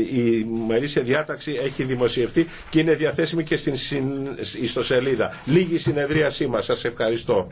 Η μερίσια διάταξη έχει δημοσιευτεί και είναι διαθέσιμη και στην ιστοσελίδα. Λίγη συνεδρίασή μας. Σας ευχαριστώ.